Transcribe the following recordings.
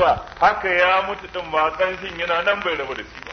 ba haka ya mutu din ba kanshin yana nan bai rabu da shi ba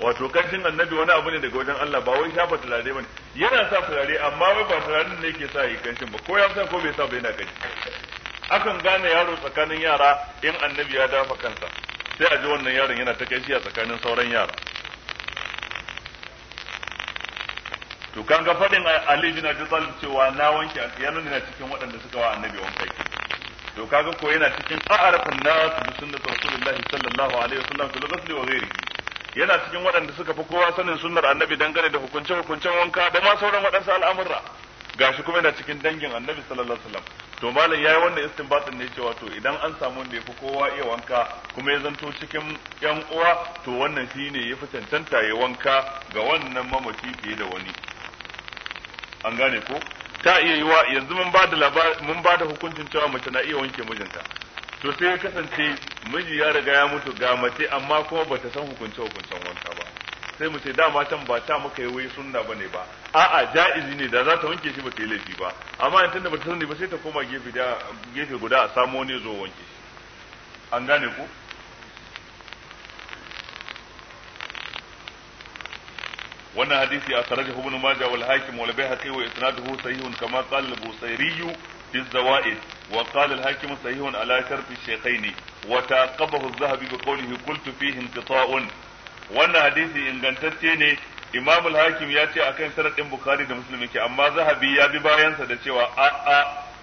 wato kanshin annabi wani abu ne daga wajen Allah ba wai shafa turare bane yana sa turare amma wai ba turaren ne yake sa yi kanshin ba ko ya san ko bai sa ba yana kanshi akan gane yaro tsakanin yara in annabi ya dafa kansa sai a ji wannan yaron yana ta kanshi a tsakanin sauran yara to kan ga faɗin Ali bin Abi Talib cewa na wanke yana cikin waɗanda suka wa annabi wanka to kaga ko yana cikin a'rafun nas bi sunnati rasulullahi sallallahu alaihi wasallam fil ghusl wa ghairihi yana cikin waɗanda suka fi kowa sanin sunnar annabi dangane da hukunce hukuncin wanka da ma sauran waɗansu al'amurra gashi kuma yana cikin dangin annabi sallallahu alaihi wasallam to malam yayi wannan istinbatin ne cewa to idan an samu wanda yafi kowa iya wanka kuma ya zanto cikin yan uwa to wannan shine yafi cancanta ya wanka ga wannan mamaci fiye da wani an gane ko ta iya yiwa yanzu mun ba da mun ba da hukuncin cewa mace na iya wanke mijinta to sai ya kasance miji ya riga ya mutu ga mace amma kuma bata san hukuncin hukuncin wanka ba sai mu ce dama can ba ta muka yi wai sunna bane ba a'a ja'izi ne da za ta wanke shi ba ta yi laifi ba amma in tunda bata sani ba sai ta koma gefe guda a samo ne zo wanke shi an gane ku wannan hadisi a saraje ibn majah wal hakim wal bayhaqi wa isnaduhu sahihun kama qala al-busairi fi zawaid wa qala al-hakim sahihun ala sharti shaykhain wa taqabahu az-zahabi bi qawlihi qultu fihi inqita'un wannan hadisi ingantacce ne imam al-hakim ya ce akan sanadin bukhari da muslim yake amma zahabi ya bi bayansa da cewa a a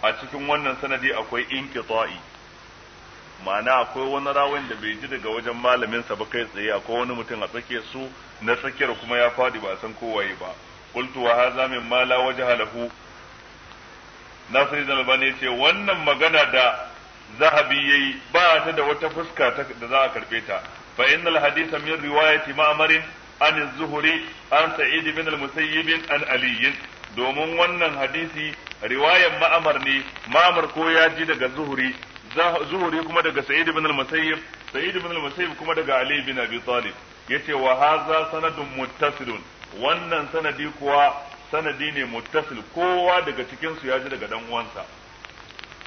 a cikin wannan sanadi akwai inqita'i ma'ana akwai wani rawin da bai ji daga wajen malaminsa ba kai tsaye akwai wani mutum a tsake su na tsakiyar kuma ya fadi ba a san kowaye ba qultu wa hadha min ma la wajha lahu Albani yace wannan magana da zahabi yayi ba ta da wata fuska da za a karbe ta fa innal haditha min riwayati Zuhuri, an az-zuhri an sa'id bin al-musayyib an ali domin wannan hadisi riwayan ma'amar ne ma'amar ko ya ji daga zuhuri zuhuri kuma daga sa'id ibn al-musayyib sa'id ibn al-musayyib kuma daga ali ibn abi talib yace wa hadha sanadun muttasilun wannan sanadi kuwa sanadi ne muttasil kowa daga cikin su ya ji daga dan uwansa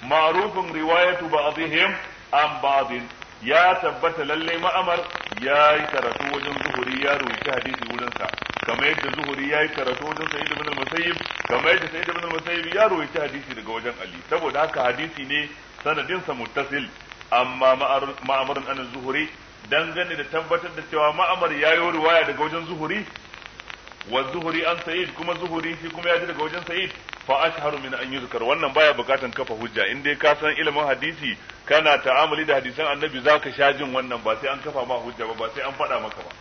ma'rufun riwayatu ba'dihim an ba'din ya tabbata lalle ma'amar ya yi karatu wajen zuhuri ya rubuta hadisi wurinsa kamar yadda zuhuri ya yi karatu wajen sa'id ibn al-musayyib kamar yadda sa'id ibn al-musayyib ya rubuta hadisi daga wajen ali saboda haka hadisi ne Sanadinsa sa muttasil amma ma'amarin an zuhuri dangane da tabbatar da cewa ma'amar ya yi riwaya daga wajen zuhuri wa zuhuri an sa'id kuma zuhuri shi kuma ya ji daga wajen sa'id fa ashharu min an yuzkar wannan baya bukatan kafa hujja in dai ka san ilimin hadisi kana ta'amuli da hadisan annabi zaka sha jin wannan ba sai an kafa ma hujja ba ba sai an faɗa maka ba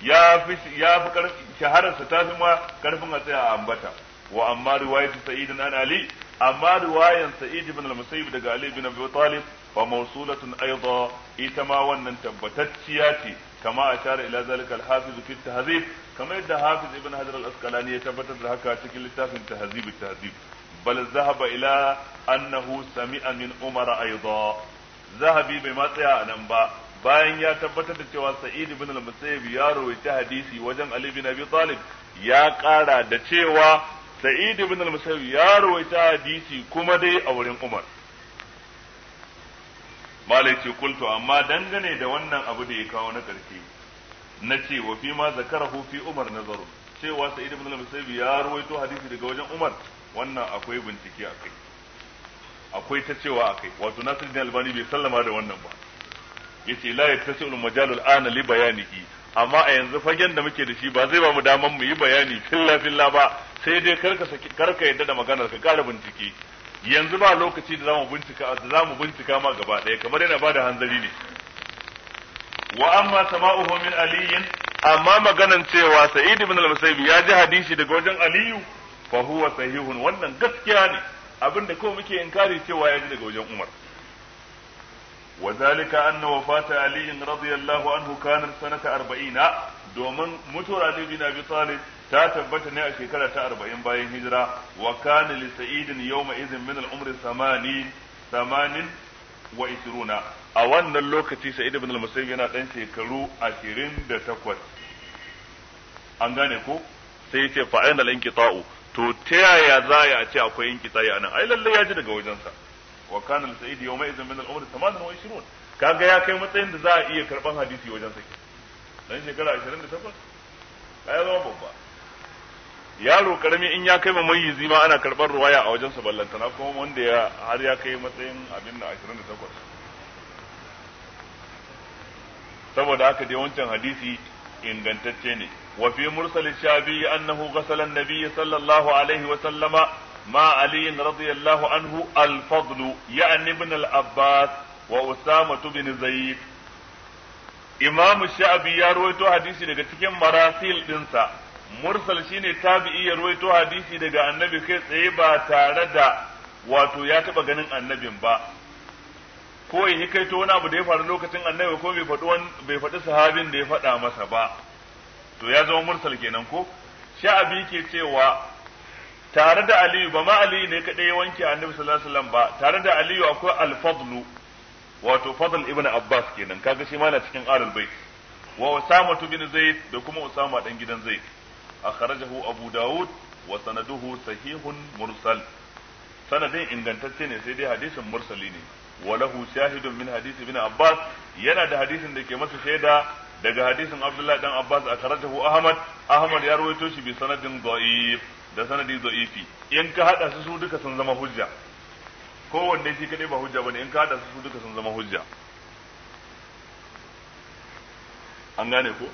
ya fi ya fi shahararsa ta fi ma karfin a tsaya a ambata wa amma riwayatu sa'idin an ali amma riwayan sa'id ibn al-musayyib daga ali ibn abi talib fa mawsulatun aidan ita ma wannan tabbatacciya ce kama ashara ila zalika al-hafiz fi tahzib kama yadda hafiz ibn hajar al-asqalani ya tabbatar da haka cikin littafin tahzib tahzib bal zahaba ila annahu sami'a min umar aidan zahabi bai ma tsaya nan ba bayan ya tabbatar da cewa sa'id ibn al-musayyib ya rawaita hadisi wajen ali ibn abi talib ya kara da cewa sa'id ibn al-musayyib ya rawaita hadisi kuma dai a wurin umar malai ce kultu amma dangane da wannan abu da ya kawo na karshe na ce wa fi ma zakara ko fi umar nazaru cewa sa'id ibn al-musayyib ya rawaito hadisi daga wajen umar wannan akwai bincike a kai. akwai ta cewa a kai wato nasiruddin albani bai sallama da wannan ba yace la yattasi'ul majalul ana li bayanihi amma a yanzu fagen da muke da shi ba zai ba mu daman mu yi bayani filla filla ba sai dai karka saki karka yadda da maganar ka kara bincike yanzu ba lokaci da zamu bincika da zamu bincika ma gaba ɗaya kamar yana bada hanzari ne wa amma sama'uhu min aliyin amma maganan cewa sa'id ibn al-musayyib ya ji hadisi daga wajen aliyu fa huwa sahihun wannan gaskiya ne abinda ko muke inkari cewa ya ji daga wajen umar وذلك annawa وفاة علي رضي الله عنه كانت سنة أربعين domin mutuwar Ali bin Abi ta tabbata ne a shekara ta arba'in bayan hijira wa kana li sa'idin yawma idhin min al samanin samanin wa isruna a wannan lokaci sa'id ibn al-musayyib yana ɗan shekaru 28 an gane ko sai yace fa aina al-inqita'u to ta yaya za a ce akwai inqita'i anan ai lallai ya ji daga wajensa wa kana li sa'id yawma idhin min al-umr 28 kaga ya kai matsayin da za a iya karban hadisi wajen saki dan shekara 28 ai zama babba yaro karami in ya kai mamayyizi ma ana karban ruwaya a wajen sa ballantana kuma wanda ya har ya kai matsayin abin da 28 saboda haka dai wancan hadisi ingantacce ne wa fi mursal shabi annahu ghasala an-nabiy sallallahu alaihi wa sallama مع علي رضي الله عنه الفضل يعني ابن العباس وأسامة بن زيد إمام الشعبي يروي حديثي لك تكن مراسيل دنسا mursal shine tabi'i ya ruwaito hadisi daga annabi kai tsaye ba tare da wato ya taba ganin annabi ba ko ya hikaito wani abu da ya faru lokacin annabi ko bai bai faɗi sahabin da ya faɗa masa ba to ya zama mursal kenan ko sha'abi ke cewa tare da aliyu ba ma aliyu ne kadai ya wanke annabi sallallahu alaihi ba tare da aliyu akwai al-fadlu wato fadl ibn abbas kenan kaga shi ma na cikin alalbai, bait wa usama bin zaid da kuma usama dan gidan zaid akhrajahu abu daud wa sanaduhu sahihun mursal sanadin ingantacce ne sai dai hadisin mursali ne Walahu lahu shahidun min hadisi bin abbas yana da hadisin da ke masa shaida daga hadisin abdullahi dan abbas akhrajahu ahmad ahmad ya rawaito shi bi sanadin da'if da sanadi da'ifi in ka hada su su duka sun zama hujja kowanne shi kadai ba hujja bane in ka hada su su duka sun zama hujja an gane ko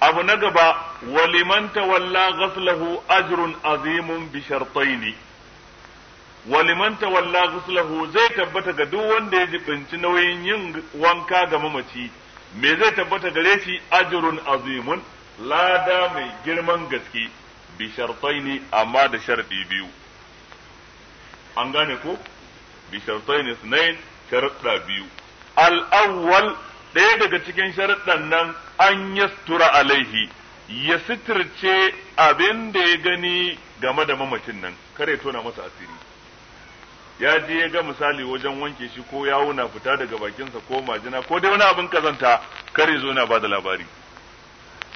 abu na gaba waliman tawalla ghaslahu ajrun azimun bi shartaini waliman tawalla ghaslahu zai tabbata ga duk wanda ya jibinci nauyin yin wanka ga mamaci me zai tabbata gare shi ajrun azimun lada mai girman gaske bi shartaini amma da sharɗi biyu an gane ko bi shartaini sunain sharɗa biyu al'awwal ɗaya daga cikin sharɗan nan an yastura alaihi ya sitirce abin da ya gani game da mamacin nan kare tona masa asiri ya je ya ga misali wajen wanke shi ko yawo na fita daga bakinsa ko majina ko dai wani abin kazanta kare zo na ba da labari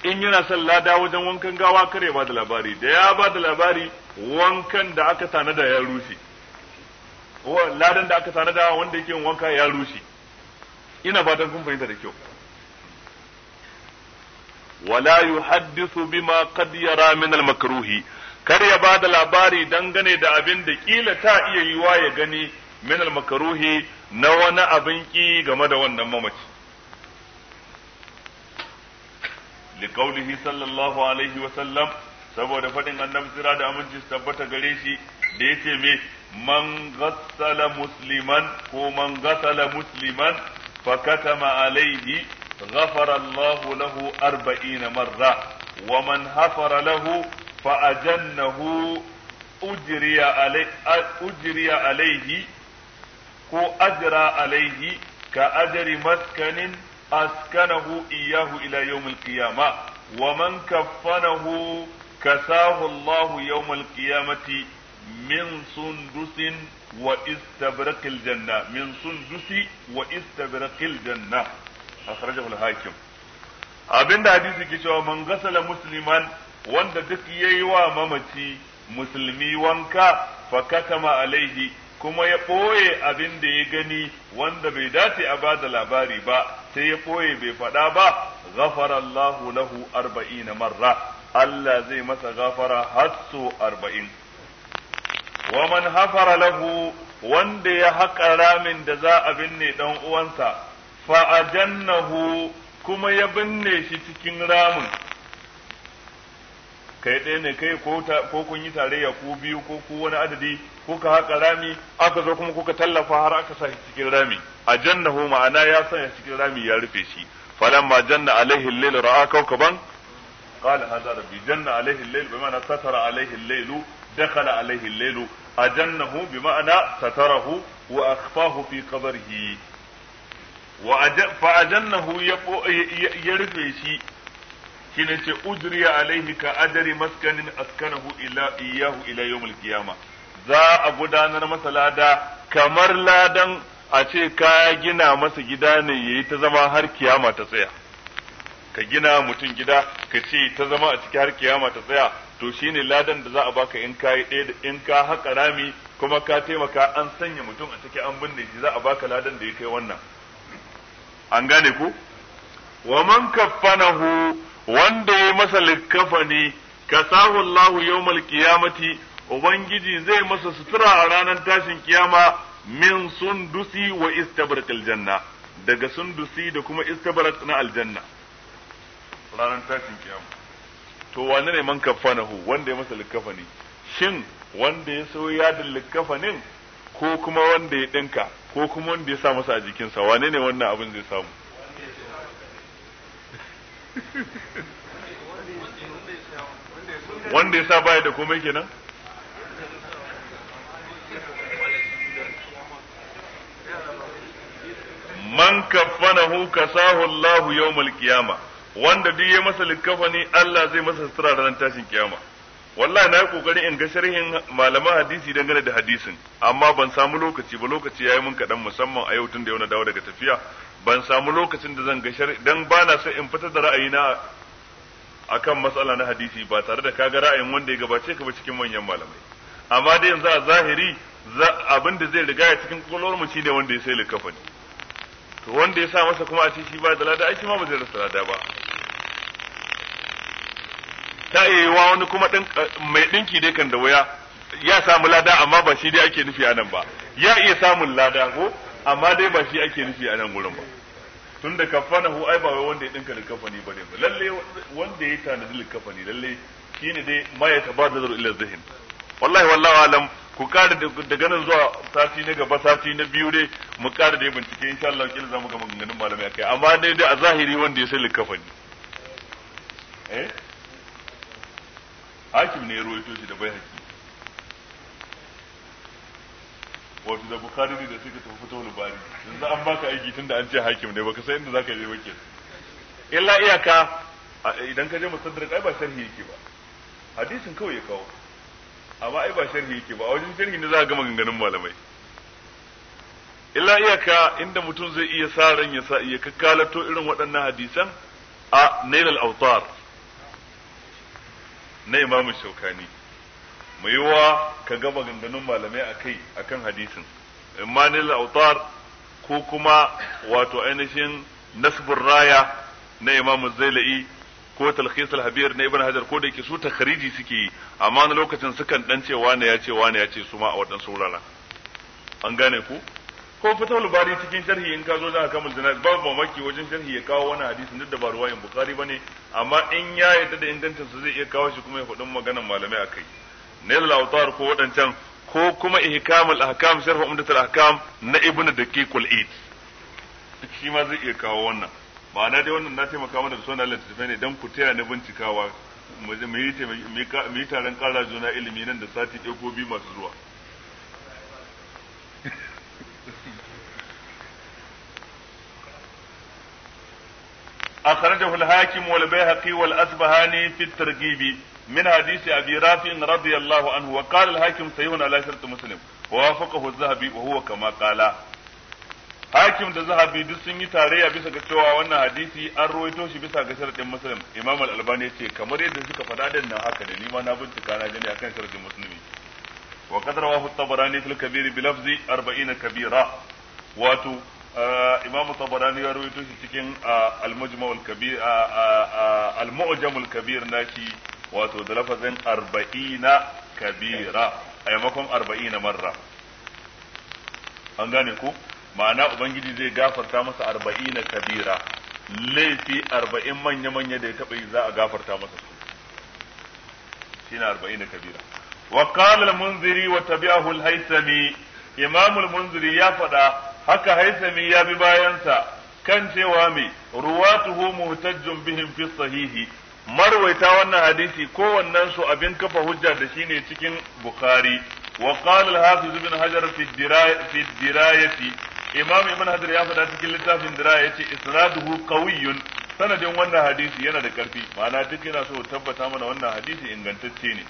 in yana son lada wajen wankan gawa kare ba da labari da ya ba da labari wankan da aka tanada ya rushe ladan da aka tanada wanda yake wanka ya rushe ina fatan kun fahimta da kyau wala yuhaddithu bima qad yara min al makruhi kar ya ba da labari dangane da abin da kila ta iya yiwa ya gani min al makruhi na wani abin ki game da wannan mamaci لقوله sallallahu alaihi wa sallam saboda faɗin annabi sira da aminci su tabbata gare shi da yace me man gassala musliman ko man gassala musliman fa katama alaihi ghafara Allahu lahu 40 marra wa man hafara lahu fa ajannahu ujriya alai ujriya alaihi ko ajra alaihi ka ajri maskanin askanahu iyahu ila yawmil qiyama wa man kaffanahu kasahu Allah yawmal qiyamati min sundusin wa istabraqil janna min sundusi wa istabraqil janna akhrajahu al-hakim abinda hadisi ke cewa man gasala musliman wanda duk yayi wa mamaci musulmi wanka fa katama alaihi kuma ya ɓoye abin da ya gani wanda bai dace a ba da labari ba sai ya ɓoye bai faɗa ba ghafarallahu lahu arba'ina marra Allah zai masa gafara har so arba'in wa man hafara lahu wanda ya haƙa ramin da za a binne ɗan uwansa fa ajannahu kuma ya binne shi cikin ramin kai ɗaya ne kai ko kun yi tarayya ko biyu ko ku wani adadi ko ka haƙa rami aka zo kuma kuka tallafa har aka sa cikin rami a jannahu ma'ana ya sanya cikin rami ya rufe shi falamma janna alaihi al-lail ra'a kawkaban qala hadha rabbi janna alaihi al-lail maana satara alaihi al-lail dakhala alaihi al-lail ajannahu ma'ana satarahu wa akhfahu fi qabrihi wa fa ajannahu ya rufe shi shine ce ujriya alaihi ka ajari maskanin askanahu ila iyahu ila yawmul qiyama za a gudanar masa lada kamar ladan a ce ka gina masa gida ne yayi ta zama har kiyama ta tsaya ka gina mutum gida ka ce ta zama a ciki har kiyama ta tsaya to shine ladan da za a baka in ka in ka haƙa rami kuma ka taimaka an sanya mutum a ciki an binne shi za a baka ladan da ya kai wannan an gane ku wa man kaffanahu wanda ya masa likafani kasahu Allahu yawmal qiyamati ubangiji zai masa sutura a ranar tashin kiyama min sundusi wa istabrakil janna daga sundusi da kuma istabrak na aljanna ranar tashin kiyama to wane ne man kafanahu wanda ya masa likafani shin wanda ya so ya da likafanin ko kuma wanda ya dinka ko kuma wanda ya sa masa a jikinsa wane ne wannan abin zai samu wanda ya sa baya da komai kenan man kaffanahu kasahu Allahu yawmal qiyama wanda duk ya masa likafani Allah zai masa sutura ranar tashin kiyama wallahi na yi kokari in ga sharhin malaman hadisi dangane da hadisin amma ban samu lokaci ba lokaci yayi mun kadan musamman a yau tun da yau na dawo daga tafiya ban samu lokacin da zan ga sharhi dan bana sai in fitar da ra'ayina akan matsala na hadisi ba tare da kaga ra'ayin wanda ya gabace ka ba cikin manyan malamai amma dai yanzu a zahiri abin da zai riga ya cikin kullum mu shine wanda ya sai likafani to wanda ya sa masa kuma a ce shi ba da lada ai shi ma ba zai rasa lada ba ta wa wani kuma eh, mai ɗinki dai kan da waya ya samu lada amma ba shi dai ake nufi a nan ba ya iya samun lada ko amma dai ba shi ake nufi a nan gurin ba tun da kafanahu ai ba wai wanda ya dinka likafani bane ba lalle wanda ya tanadi likafani lalle shine dai ma ya tabadaru ila zihin wallahi wallahi alam ku kare daga nan zuwa sati na gaba sati na biyu dai mu kare da bincike insha Allah kin zamu ga maganganun malamai akai amma dai dai a zahiri wanda ya sai likafani eh hakim ne ya ruwaito shi da bai hakim wato da bukari da suke tafi fito bari yanzu an baka aiki tun da an ce hakim ne baka san inda zaka je ba illa iyaka idan ka je musaddar ai ba sharhi yake ba hadisin kawai ya kawo amma ai ba sharhi yake ba a wajen sharhi ne za ga maganganun malamai illa iyaka inda mutum zai iya sa ran ya sa iya kakkalato irin waɗannan hadisan a nailal autar na imamu shaukani mai yiwuwa ka ga maganganun malamai a kai a kan hadisin imanil autar ko kuma wato ainihin nasbur raya na imam zailai ko talkhis Habiyar na ibn hajar ko da yake su takhriji suke yi amma na lokacin sukan dan ce wani ya ce wani ya ce su ma a waɗansu wuraren an gane ku ko fatawul lubari cikin sharhi in ka zo za ka zina jana'iz babu mamaki wajen sharhi ya kawo wani hadisin duk da ba ruwayin ba ne amma in ya yarda da ingancinsa zai iya kawo shi kuma ya faɗin maganar malamai a kai. al awtar ko wadancan ko kuma al ahkam sharh al ahkam na ibnu da ke shi ma zai iya kawo wannan ma'ana dai wannan na taimaka mana da sunan littattafai ne dan ku taya ni bincikawa mu yi taron ƙara juna ilimi nan da sati ɗaya ko biyu masu zuwa أخرجه الحاكم والبيهقي والأسبهاني في الترغيب من حديث أبي رافع رضي الله عنه وقال الحاكم سيهون على شرط مسلم ووافقه الذهبي وهو كما قال حاكم da zahabi duk sun yi tarayya bisa ga cewa wannan hadisi an ruwaito shi bisa ga sharadin muslim imam al-albani yace kamar yadda suka faɗa din haka da ni ma na bincika na gani akan sharadin muslimi wa qad rawahu at-tabarani fil kabir bi lafzi kabira wato imam tabarani ya ruwaito shi cikin al kabir kabir nashi wato da lafazin arba'ina kabira a yamakon arba'ina marra an gane ku ma'ana ubangiji zai gafarta masa arba'ina kabira laifi arba'in manya-manya da ya taɓa yi za a gafarta masa su arba'in arba'ina kabira wa qala munziri wa tabi'ahu al-haythami imamul munziri ya faɗa haka haythami ya bi bayansa kan cewa mai ruwatuhu muhtajjun bihim fi sahihi marwaita wannan hadisi kowannen su abin kafa hujja da shi ne cikin bukhari wa qala al-hafiz ibn hajar fi dirayati dirayati imam ibn hajar ya faɗa cikin littafin diraya yace isnaduhu qawiyyun sanadin wannan hadisi yana da karfi ma'ana duk yana so tabbata mana wannan hadisi ingantacce ne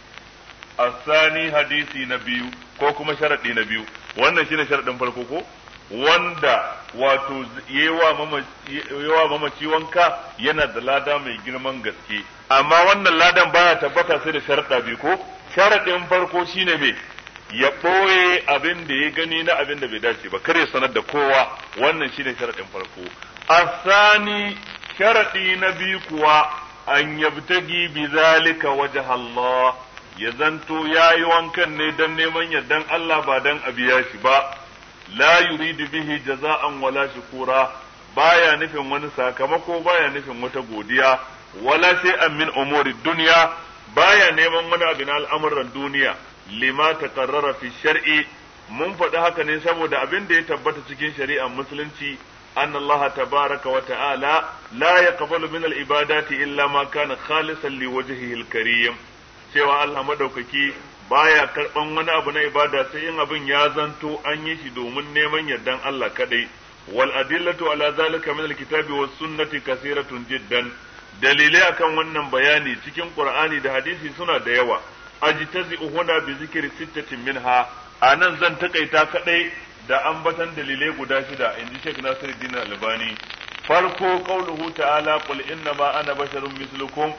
asani hadisi na biyu ko kuma sharadi na biyu wannan shine sharadin farko ko wanda wato yawa mamaci wanka yana da lada mai girman gaske amma wannan ladan baya tabbata sai da sharaɗa bi ko sharaɗin farko shine me ya ɓoye abin da ya gani na abin da bai dace ba kare sanar da kowa wannan shine sharaɗin farko A Sani, sharaɗi na biyu kuwa an yabtagi bi zalika wajh Allah ya zanto yayi wankan ne dan neman yardan Allah ba dan a biya shi ba la yuridu bihi jaza'an wala shukura baya nufin wani sakamako baya nufin wata godiya wala amin min umuri dunya baya neman wani abin al'amuran duniya lima taqarrara fi shar'i mun faɗi haka ne saboda abin da ya tabbata cikin shari'ar musulunci أن الله تبارك laya لا يقبل من العبادات illa ما كان خالصا لوجهه الكريم سوى الله مدوككي baya karban wani abu na ibada sai in abin ya zanto an yi shi domin neman yardan Allah kadai wal adillatu ala zalika min alkitabi was sunnati kasiratun jiddan dalilai akan wannan bayani cikin qur'ani da hadisi suna da yawa ajtazi huna bi zikri sittatin minha anan zan takaita kadai da ambatan dalilai guda shida inji Sheikh Nasiruddin Albani farko qauluhu ta'ala qul inna ma ana basharun mislukum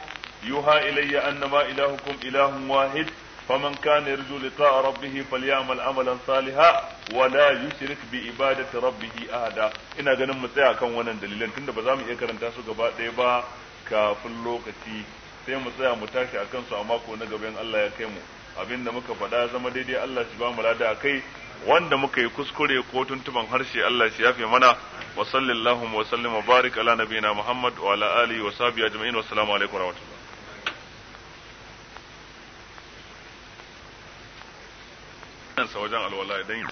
yuha ilayya annama ilahukum ilahun wahid فمن كان يرجو لقاء ربه فليعمل عملا صالحا ولا يشرك بعبادة ربه أحدا ina ganin mu tsaya kan wannan dalilan tunda ba za mu iya karanta su gaba ɗaya ba kafin lokaci sai mu tsaya mu tashi akan su a mako na gaban Allah ya kai mu abinda muka faɗa zama daidai Allah shi ba mu lada kai wanda muka yi kuskure ko tuntuban harshe Allah shi ya fi mana wa sallallahu wa sallim barik ala nabiyina Muhammad wa ala alihi wa sahbihi ajma'in wa assalamu alaikum سوج الگ